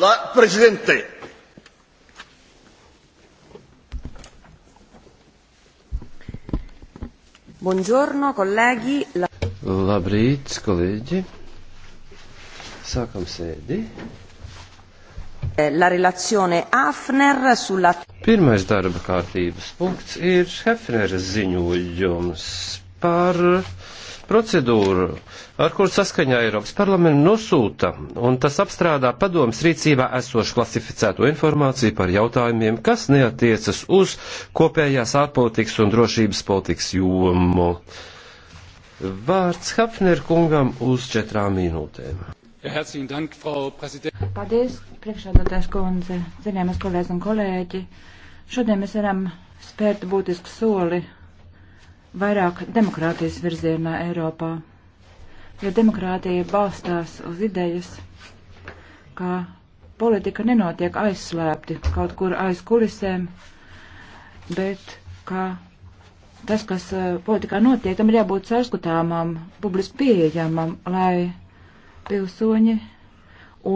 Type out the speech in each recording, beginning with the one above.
La Presidente. Buongiorno, colleghi. La... Labrīt, kolēģi. Sākam sēdi. Eh, la relazione Hafner sulla... Pirmais darba kārtības punkts ir Hefneres ziņojums par procedūru, ar kuru saskaņā Eiropas parlamenta nosūta un tas apstrādā padomas rīcībā esošu klasificēto informāciju par jautājumiem, kas neatiecas uz kopējās ārpolitikas un drošības politikas jomu. Vārds Hafner kungam uz četrām minūtēm. Paldies, priekšādātājs kundze, zinājums kolēģis un kolēģi. Šodien mēs varam spērt būtisku soli vairāk demokrātijas virzienā Eiropā, jo demokrātija balstās uz idejas, ka politika nenotiek aizslēpti kaut kur aiz kulisēm, bet ka tas, kas eh, politikā notiek, tam ir jābūt sārskatāmam, publiski pieejamam, lai pilsoņi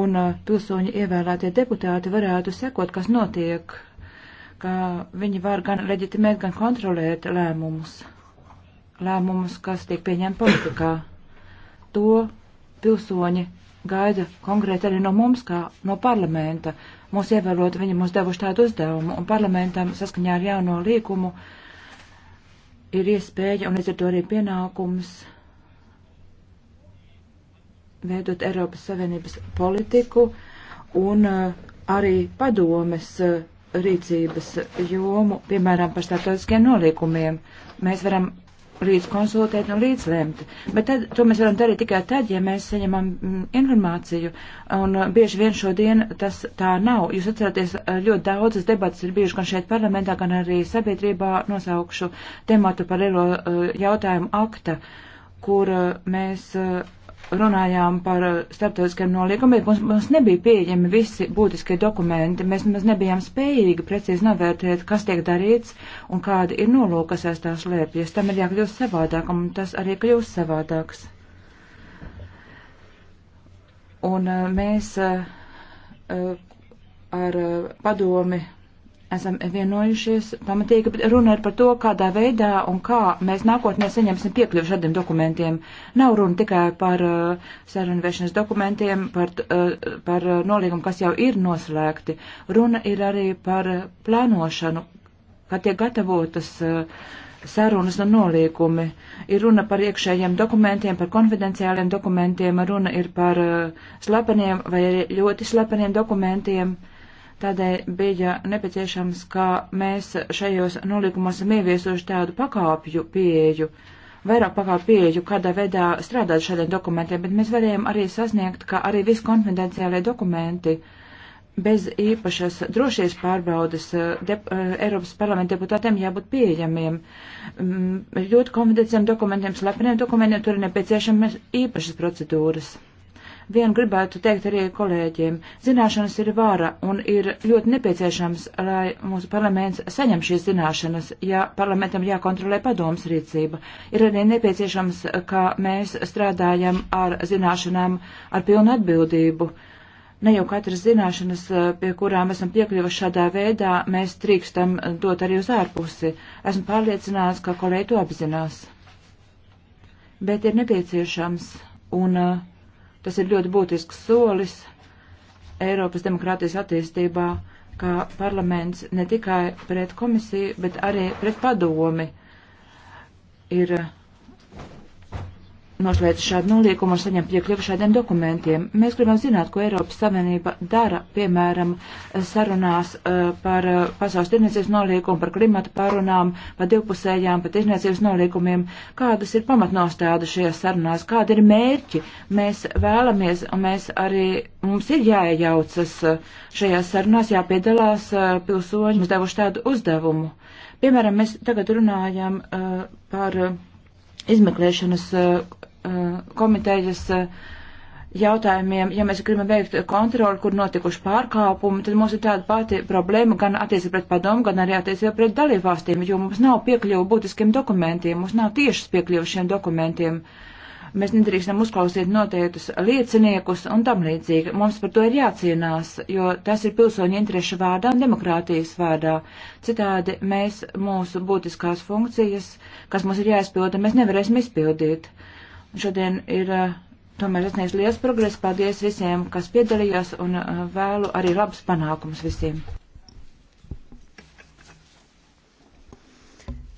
un eh, pilsoņi ievēlētie deputāti varētu sekot, kas notiek, ka viņi var gan leģitimēt, gan kontrolēt lēmumus lēmumus, kas tiek pieņemti politikā. To pilsoņi gaida konkrēti arī no mums, kā no parlamenta. Mūs ievērot, viņi mums devuši tādu uzdevumu, un parlamentam saskaņā ar jauno līkumu ir iespēja un līdz ar to arī pienākums veidot Eiropas Savienības politiku un uh, arī padomes uh, rīcības jomu, piemēram, par starptautiskiem noliekumiem. Mēs varam līdz konsultēt un līdz lemt. Bet tad, to mēs varam darīt tikai tad, ja mēs saņemam mm, informāciju, un uh, bieži vien šodien tas tā nav. Jūs atceraties, uh, ļoti daudzas debatas ir bijušas gan šeit parlamentā, gan arī sabiedrībā nosaukšu tematu par lielo uh, jautājumu akta, kur mēs runājām par uh, starptautiskiem noliekumiem, mums, mums nebija pieejami visi būtiskie dokumenti. Mēs nemaz nebijām spējīgi precīzi novērtēt, kas tiek darīts un kāda ir nolūka, kas aiz tā slēpjas. Tam ir jākļūst savādākam, un tas arī kļūst savādāks. Un uh, mēs uh, ar padomi esam vienojušies pamatīgi, bet runa ir par to, kādā veidā un kā mēs nākotnē saņemsim piekļuvi šādiem dokumentiem. Nav runa tikai par uh, sarunvešanas dokumentiem, par, uh, par uh, nolīgumu, kas jau ir noslēgti. Runa ir arī par uh, plānošanu, kā tiek gatavotas uh, sarunas un nolīgumi. Ir runa par iekšējiem dokumentiem, par konfidenciāliem dokumentiem, runa ir par uh, slepeniem vai ļoti slepeniem dokumentiem. Uh, Tādēļ bija nepieciešams, ka mēs šajos nolikumos esam ieviesuši tādu pakāpju pieeju, vairāk pakāpju pieeju, kādā veidā strādāt šādiem dokumentiem, bet mēs varējām arī sasniegt, ka arī visi konfidenciālie dokumenti bez īpašas drošības pārbaudas eh, dep eh, Eiropas parlamenta deputātiem jābūt pieejamiem. Mm, ļoti konfidenciāliem dokumentiem, slepeniem dokumentiem tur ir nepieciešamas īpašas procedūras. Vienu gribētu teikt arī kolēģiem. Zināšanas ir vāra un ir ļoti nepieciešams, lai mūsu parlaments saņem šīs zināšanas, ja parlamentam jākontrolē padomas rīcība. Ir arī nepieciešams, ka mēs strādājam ar zināšanām ar pilnu atbildību. Ne jau katras zināšanas, pie kurām esam piekļuvuši šādā veidā, mēs trīkstam dot arī uz ārpusi. Esmu pārliecināts, ka kolēģi to apzinās. Bet ir nepieciešams un uh, Tas ir ļoti būtisks solis Eiropas demokrātijas attīstībā, kā parlaments ne tikai pret komisiju, bet arī pret padomi ir noslēdz šādu nolīgumu un saņem piekļuvu šādiem dokumentiem. Mēs gribam zināt, ko Eiropas Savienība dara, piemēram, sarunās eh, par eh, pasaules tirniecības nolīgumu, par klimata pārunām, par divpusējām, par tirniecības nolīgumiem. Kādas ir pamatnostāda šajās sarunās, kādi ir mērķi? Mēs vēlamies, un mēs arī, mums ir jāiejaucas eh, šajās sarunās, jāpiedalās pilsoņi, mums devuši tādu uzdevumu. Piemēram, mēs tagad runājam uh, par izmeklēšanas uh, Eh, komitejas eh, jautājumiem, ja mēs gribam veikt kontroli, kur notikuši pārkāpumi, tad mums ir tāda pati problēma gan attiecībā pret padomu, gan arī attiecībā pret dalībvalstīm, jo mums nav piekļuva būtiskiem dokumentiem, mums nav tiešas piekļuvas šiem dokumentiem. Mēs nedrīkstam uzklausīt noteiktus lieciniekus un tam līdzīgi. Mums par to ir jācīnās, jo tas ir pilsoņu interešu vārdā un demokrātijas vārdā. Citādi mēs mūsu būtiskās funkcijas, kas mums ir jāizpilda, mēs nevarēsim izpildīt. Uh, šodien ir eh, tomēr sasniegts liels progress. Paldies visiem, kas piedalījās un eh, vēlu arī labus panākumus visiem.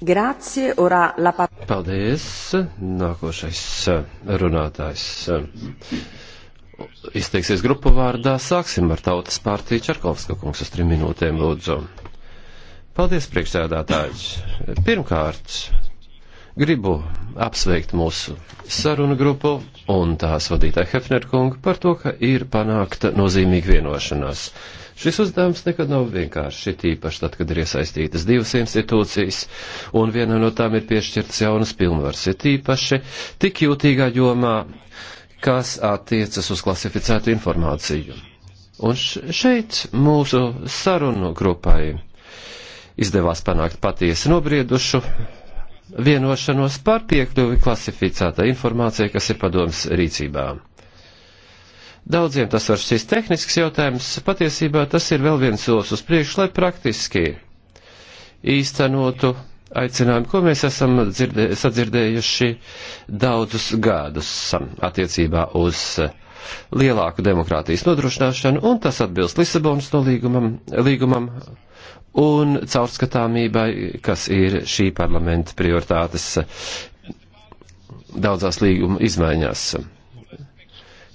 Grācie, orā, lapa. Paldies. Nākošais eh, runātājs izteiksies grupu vārdā. Sāksim ar tautas pārtīju Čarkovska kungs uz trim minūtēm lūdzu. Paldies, priekšsēdātājs. Pirmkārt, Gribu apsveikt mūsu sarunu grupu un tās vadītāju Hefner kungu par to, ka ir panākta nozīmīga vienošanās. Šis uzdevums nekad nav vienkārši, tīpaši tad, kad ir iesaistītas divas institūcijas, un viena no tām ir piešķirtas jaunas pilnvaras, ir tīpaši tik jūtīgā jomā, kas attiecas uz klasificētu informāciju. Un šeit mūsu sarunu grupai izdevās panākt patiesi nobriedušu vienošanos par piekļuvi klasificētā informācija, kas ir padomas rīcībā. Daudziem tas var šis tehnisks jautājums, patiesībā tas ir vēl viens solis uz priekšu, lai praktiski īstenotu aicinājumu, ko mēs esam dzirdē, sadzirdējuši daudzus gadus attiecībā uz lielāku demokrātijas nodrošināšanu, un tas atbilst Lisabonas nolīgumam, līgumam, un caurskatāmībai, kas ir šī parlamenta prioritātes daudzās līguma izmaiņās.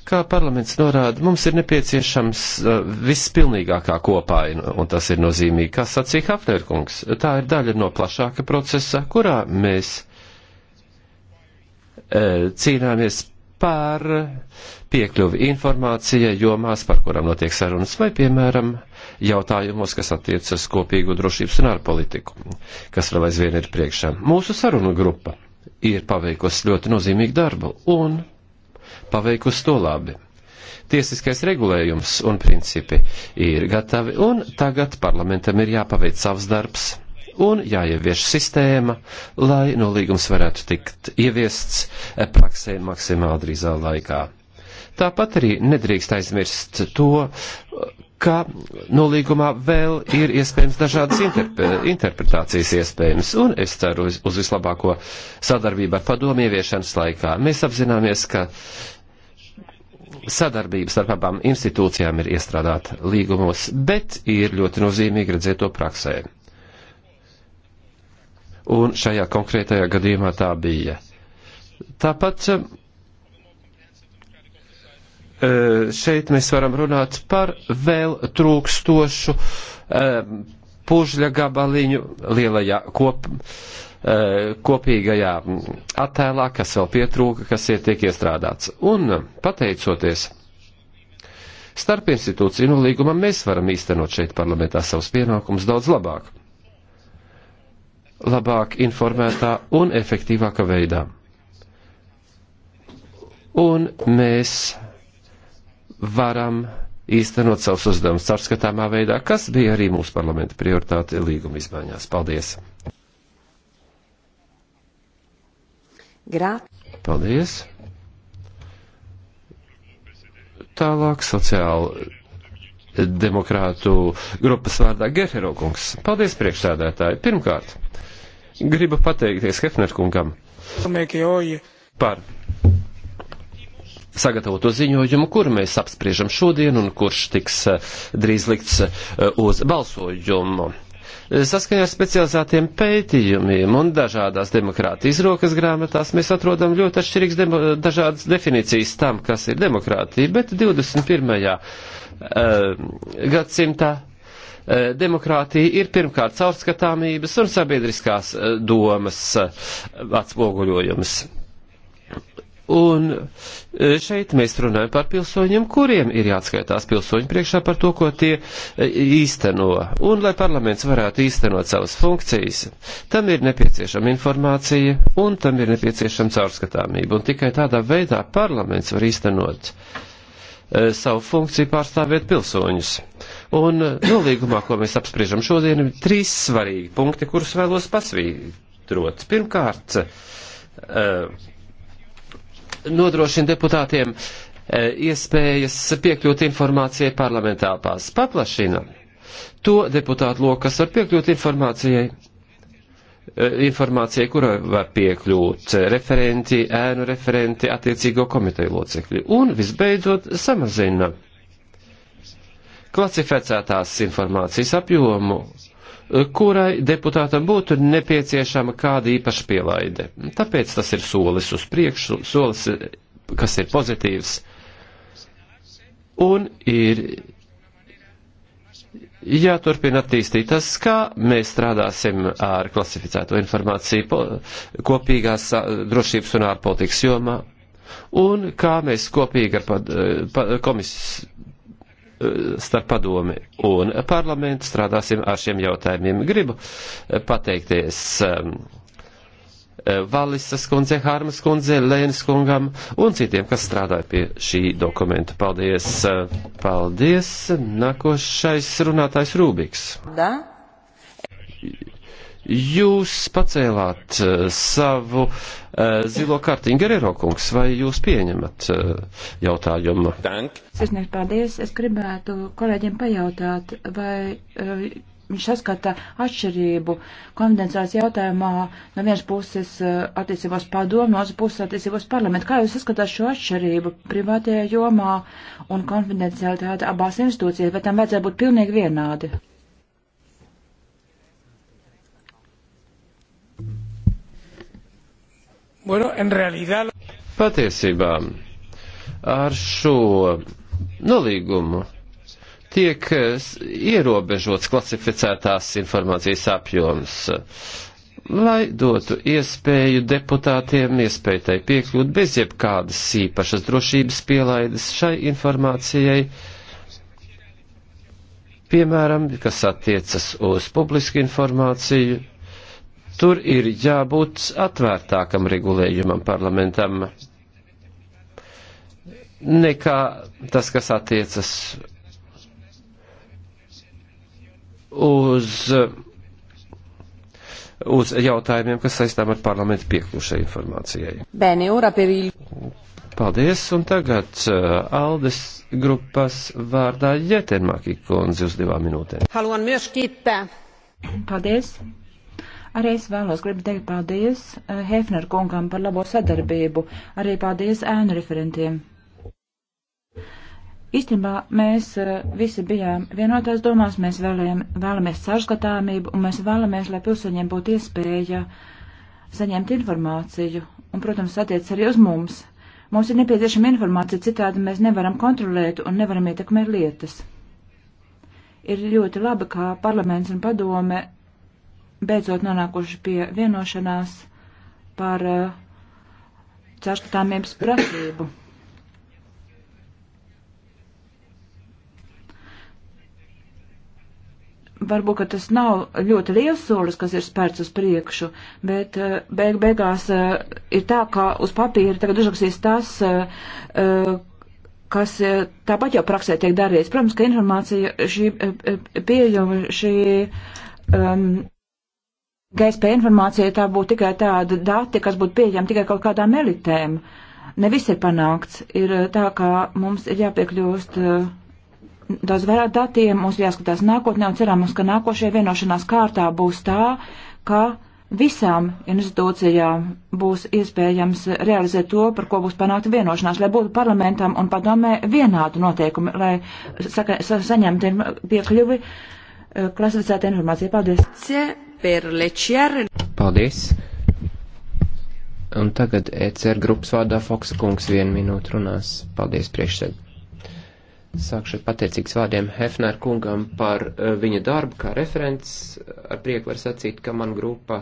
Kā parlaments norāda, mums ir nepieciešams uh, vispilnīgākā kopaina, un tas ir nozīmīgi, kā sacīja Hafnerkungs. Tā ir daļa no plašāka procesa, kurā mēs uh, cīnāmies par piekļuvi informācijai jomās, par kurām notiek sarunas, vai, piemēram, jautājumos, kas attiecas kopīgu drošības un ārpolitiku, kas vēl aizvien ir priekšā. Mūsu sarunu grupa ir paveikusi ļoti nozīmīgu darbu un paveikusi to labi. Tiesiskais regulējums un principi ir gatavi, un tagad parlamentam ir jāpaveic savs darbs un jāievieš sistēma, lai nolīgums nu, varētu tikt ieviests eh, praksē maksimāli drīzā laikā. Tāpat arī nedrīkst aizmirst to, ka nolīgumā nu, vēl ir iespējams dažādas interpre interpretācijas iespējams, un es ceru uz, uz vislabāko sadarbību ar padomu ieviešanas laikā. Mēs apzināmies, ka sadarbības starp abām institūcijām ir iestrādāta līgumos, bet ir ļoti nozīmīgi redzēt to praksē un šajā konkrētajā gadījumā tā bija. Tāpat eh, šeit mēs varam runāt par vēl trūkstošu eh, pužļa gabaliņu lielajā kop, eh, kopīgajā attēlā, kas vēl pietrūka, kas ir tiek iestrādāts. Un pateicoties starp institūciju līgumam, mēs varam īstenot šeit parlamentā savus pienākumus daudz labāk labāk informētā un efektīvākā veidā. Un mēs varam īstenot savus uzdevumus caurskatāmā veidā, kas bija arī mūsu parlamenta prioritāte līguma izmaiņās. Paldies! Grāt. Paldies! Tālāk sociāli demokrātu grupas vārdā Gerhero kungs. Paldies priekšsēdētāji. Pirmkārt, Gribu pateikties Hefner kungam par sagatavoto ziņojumu, kuru mēs apspriežam šodien un kurš tiks eh, drīz likts eh, uz balsojumu. Saskaņā ar specializētiem pētījumiem un dažādās demokrātijas rokas grāmatās mēs atrodam ļoti atšķirīgas demo, dažādas definīcijas tam, kas ir demokrātija, bet 21. Uh, eh, gadsimtā Eh, demokrātija ir pirmkārt caurskatāmības un sabiedriskās eh, domas eh, atspoguļojums. Un šeit mēs runājam par pilsoņiem, kuriem ir jāatskaitās pilsoņu priekšā par to, ko tie īsteno. Un, lai parlaments varētu īstenot savas funkcijas, tam ir nepieciešama informācija un tam ir nepieciešama caurskatāmība. Un tikai tādā veidā parlaments var īstenot savu funkciju pārstāvēt pilsoņus. Un nolīgumā, eh, ko mēs apspriežam šodien, ir trīs svarīgi punkti, kurus vēlos pasvītrot. Pirmkārt, eh, nodrošina deputātiem eh, iespējas piekļūt informācijai parlamentāpās. Paplašina to deputātu loku, kas var piekļūt informācijai, informācijai, kurai var piekļūt referenti, ēnu referenti, attiecīgo komiteju locekļi. Un visbeidzot, samazina klasificētās informācijas apjomu, kurai deputātam būtu nepieciešama kāda īpaša pielaide. Tāpēc tas ir solis uz priekšu, solis, kas ir pozitīvs. Un ir jāturpina attīstīt tas, kā mēs strādāsim ar klasificēto informāciju kopīgās drošības un ārpolitikas jomā, un kā mēs kopīgi ar pad, pa, komis, starp padomi un parlamentu strādāsim ar šiem jautājumiem. Gribu eh, pateikties ehm, eh, Valisas kundze, Hārmas kundze, Lēnas kungam un citiem, kas strādāja pie šī dokumenta. Paldies! Eh, paldies! Nākošais runātājs Rūbiks. Da? Jūs pacēlāt uh, savu uh, zilo kartiņu, Gerero kungs, vai jūs pieņemat uh, jautājumu? Dank. Sirsnieks, paldies. Es gribētu kolēģiem pajautāt, vai uh, viņš saskata atšķirību konvencijas jautājumā no vienas puses attiecībās padomu, no otras puses attiecībās parlamentu. Kā jūs saskatāt šo atšķirību privātajā jomā un konfidenciālitāte abās institūcijās, vai tam vajadzētu būt pilnīgi vienādi? Bueno, en realidad... Patiesībā ar šo nolīgumu tiek eh, ierobežots klasificētās informācijas apjoms, lai dotu iespēju deputātiem iespēju tai piekļūt bez jebkādas īpašas drošības pielaides šai informācijai, piemēram, kas attiecas uz publisku informāciju, tur ir jābūt atvērtākam regulējumam parlamentam nekā tas, kas attiecas uz, uz jautājumiem, kas saistām ar parlamentu piekļušai informācijai. Bene, ora per il... Paldies, un tagad uh, Aldes grupas vārdā Jetermaki kundze uz divām minūtēm. Haluan myös kiittää. Paldies. Arī es vēlos gribu teikt paldies eh, Hefner kungam par labo sadarbību, arī paldies ēnu referentiem. Īstenībā mēs eh, visi bijām vienotās domās, mēs vēlējam, vēlamies sarskatāmību un mēs vēlamies, lai pilsoņiem būtu iespēja saņemt informāciju un, protams, attiec arī uz mums. Mums ir nepieciešama informācija, citādi mēs nevaram kontrolēt un nevaram ietekmēt lietas. Ir ļoti labi, kā parlaments un padome beidzot nonākuši pie vienošanās par uh, caurskatāmības prasību. Varbūt, ka tas nav ļoti liels solis, kas ir spērts uz priekšu, bet uh, beig beigās uh, ir tā, ka uz papīra tagad uzrakstīs tas, uh, uh kas uh, tāpat jau praksē tiek darīts. Protams, ka informācija, šī pieļauja, šī um, GSP informācija tā būtu tikai tāda dati, kas būtu pieejama tikai kaut kādām elitēm. Ne viss ir panākts. Ir eh, tā, ka mums ir jāpiekļūst eh, daudz vairāk datiem, mums jāskatās nākotnē un cerams, ka nākošajā vienošanās kārtā būs tā, ka visām institūcijām būs iespējams realizēt to, par ko būs panākta vienošanās, lai būtu parlamentam un padomē vienādu noteikumu, lai saka, sa saņemtu piekļuvi eh, klasificēta informācija. Paldies! per l'ECR. Paldies. Un tagad ECR grupas vārdā Foksa kungs vienu minūtu runās. Paldies priekšsēd. Sākšu ar pateicīgs vārdiem Hefner kungam par eh, viņa darbu kā referents. Ar prieku var sacīt, ka man grupa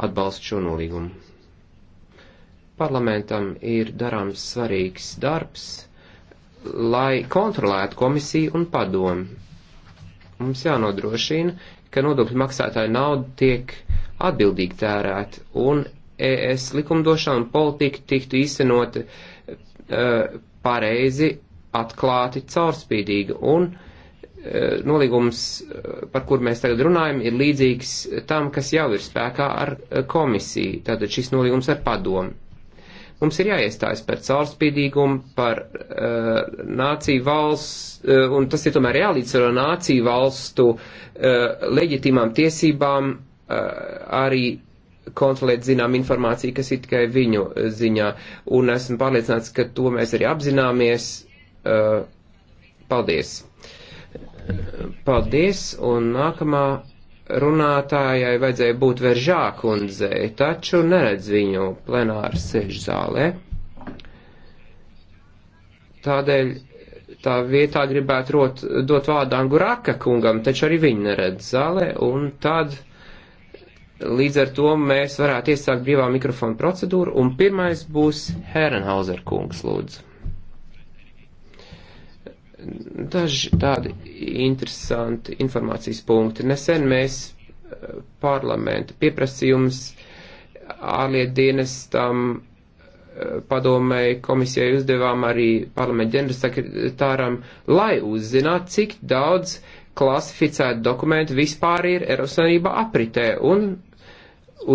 atbalsta šo nolīgumu. Parlamentam ir darāms svarīgs darbs, lai kontrolētu komisiju un padomu. Mums jānodrošina, ka nodokļu maksātāju nauda tiek atbildīgi tērēta un ES likumdošana un politika tiktu īstenot uh, pareizi, atklāti, caurspīdīgi. Un uh, nolīgums, e, par kur mēs tagad runājam, ir līdzīgs tam, kas jau ir spēkā ar komisiju, tātad šis nolīgums ar padomu. Mums ir jāiestājas par caurspīdīgumu, par uh, nāciju valsts, uh, un tas ir tomēr jālīdzsvaro nāciju valstu uh, leģitīmām tiesībām uh, arī kontrolēt zinām informāciju, kas ir tikai viņu ziņā. Un esmu pārliecināts, ka to mēs arī apzināmies. Uh, paldies! Paldies, un nākamā runātājai vajadzēja būt veržā kundzei, taču neredz viņu plenāru sēž zālē. Tādēļ tā vietā gribētu rot, dot vārdu Anguraka kungam, taču arī viņu neredz zālē, un tad līdz ar to mēs varētu iesākt brīvā mikrofona procedūru, un pirmais būs Herenhauser kungs, lūdzu daži tādi interesanti informācijas punkti. Nesen mēs eh, parlamentu pieprasījums ārlietu dienestam eh, padomēji komisijai uzdevām arī parlamentu ģenerālsekretāram, lai uzzinātu, cik daudz klasificētu dokumentu vispār ir Eiropas Savienībā apritē, un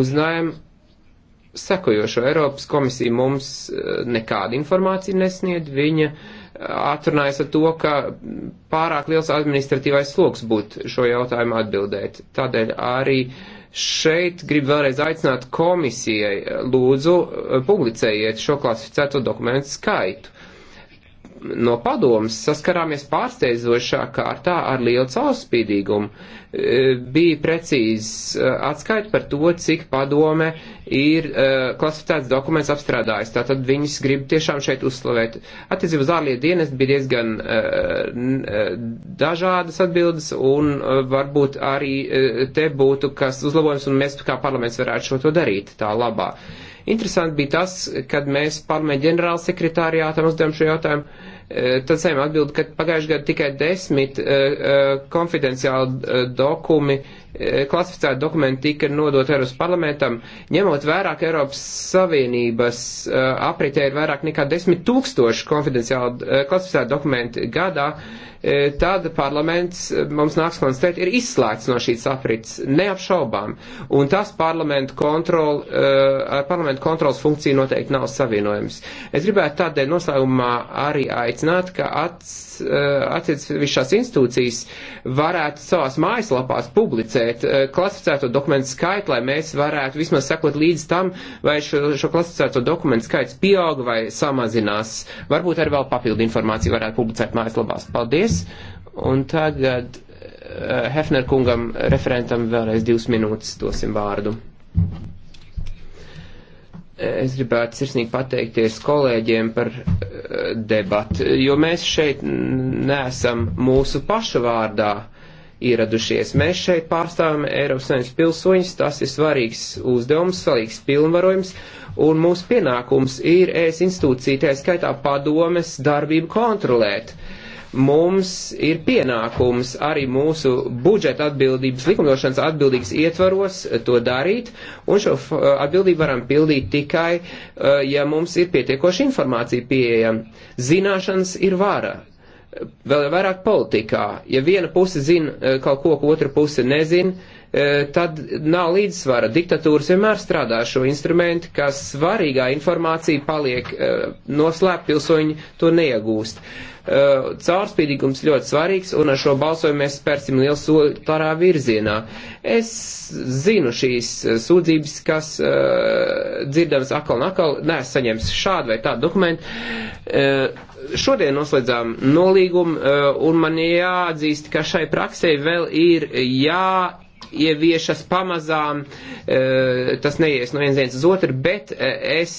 uzzinājām sekojošo Eiropas komisiju mums eh, nekādu informāciju nesniedz, viņa uh, atrunājas ar to, ka pārāk liels administratīvais sloks būtu šo jautājumu atbildēt. Tādēļ arī šeit gribu vēlreiz aicināt komisijai, lūdzu, publicējiet šo klasificēto dokumentu skaitu no padomas saskarāmies pārsteidzošā kārtā ar lielu caurspīdīgumu. E, bija precīzi e, atskaita par to, cik padome ir e, klasificēts dokuments apstrādājis. Tātad viņas grib tiešām šeit uzslavēt. Attiecībā uz ārlietu dienestu bija diezgan dažādas atbildes un varbūt arī te būtu kas uzlabojums un mēs kā parlaments varētu šo to darīt tā labā. Interesanti bija tas, kad mēs pārmēģinām ģenerāla sekretārijātam uzdevumu šo jautājumu. E, tad saim atbild, ka pagājušajā gadā tikai desmit e, e, konfidenciāli dokumi uh, Eh, klasificēti dokumenti tika nodot Eiropas parlamentam, ņemot vairāk Eiropas Savienības eh, apritē ir vairāk nekā 10 tūkstoši konfidenciāli eh, klasificēti dokumenti gadā, tad parlaments mums nāks konstatēt ir izslēgts no šīs aprits, neapšaubām. Un tas parlamentu kontrol, ar parlamentu kontrols funkciju noteikti nav savienojams. Es gribētu tādēļ noslēgumā arī aicināt, ka atsevišķās institūcijas varētu savās mājaslapās publicēt analizēt eh, klasificēto dokumentu skaitu, lai mēs varētu vismaz sekot līdz tam, vai šo, šo klasificēto dokumentu skaits pieauga vai samazinās. Varbūt arī vēl papildu informāciju varētu publicēt mājaslapās. Paldies! Un tagad eh, Hefner kungam, referentam, vēlreiz divas minūtes dosim vārdu. Es gribētu sirsnīgi pateikties kolēģiem par eh, debatu, jo mēs šeit nesam mūsu pašu vārdā uh, ieradušies. Mēs šeit pārstāvam Eiropas Savienības pilsoņus, tas ir svarīgs uzdevums, svarīgs pilnvarojums, un mūsu pienākums ir ES institūcija, tā skaitā padomes darbību kontrolēt. Mums ir pienākums arī mūsu budžeta atbildības, likumdošanas atbildības ietvaros to darīt, un šo uh, atbildību varam pildīt tikai, uh, ja mums ir pietiekoši informācija pieejama. Zināšanas ir vara, vēl vairāk politikā. Ja viena puse zina eh, kaut ko, ko otra puse nezina, E, tad nav līdzsvara. Diktatūras vienmēr strādā šo instrumentu, ka svarīgā informācija paliek e, noslēpta, pilsoņi to neiegūst. E, caurspīdīgums ļoti svarīgs, un ar šo balsojumu mēs spērsim lielu soli tādā virzienā. Es zinu šīs sūdzības, kas dzirdams akal un akal, neesmu saņēmis šādu vai tādu dokumentu šodien noslēdzām nolīgumu, un man jāatzīst, ka šai praksē vēl ir jā jāieviešas pamazām, e, tas neies no viens dienas uz otru, bet e, es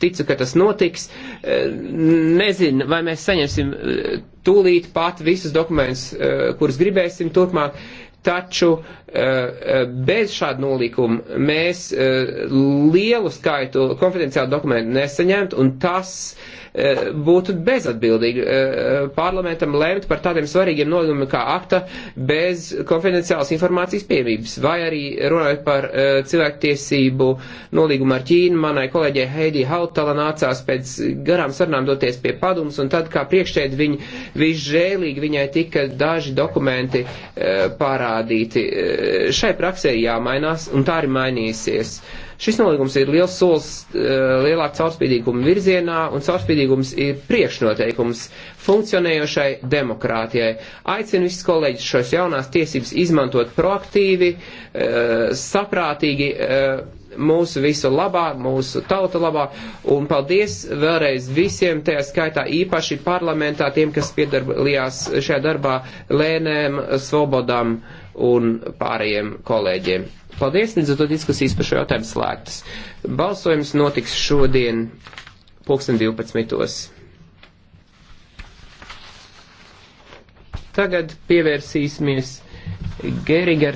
ticu, ka tas notiks. E, nezinu, vai mēs saņemsim tūlīt pat visus dokumentus, kurus gribēsim turpmāk. Taču bez šāda nolīkuma mēs lielu skaitu konfidenciālu dokumentu nesaņemtu, un tas uh, E, būtu bezatbildīgi e, e, parlamentam lēmt par tādiem svarīgiem nolīgumiem kā akta bez konfidenciālas informācijas piemības. Vai arī runājot par cilvēktiesību nolīgumu ar Ķīnu, manai kolēģei Heidi Hautala nācās pēc garām sarunām doties pie padomus, un tad kā priekšēd viņa visžēlīgi viņai tika daži dokumenti parādīti. Šai praksē jāmainās, un tā arī mainīsies. Uh, Šis nolīgums ir liels solis eh, lielāk caurspīdīguma virzienā, un caurspīdīgums ir priekšnoteikums funkcionējošai demokrātijai. Aicinu visus kolēģus šos jaunās tiesības izmantot proaktīvi, eh, saprātīgi eh, mūsu visu labā, mūsu tauta labā, un paldies vēlreiz visiem, tajā skaitā īpaši parlamentā, tiem, kas piedalījās šajā darbā, Lēnēm, Svobodam un pārējiem kolēģiem. Paldies, līdz ar to diskusijas par šo jautājumu slēgtas. Balsojums notiks šodien pulksten 12. Tagad pievērsīsimies Geringer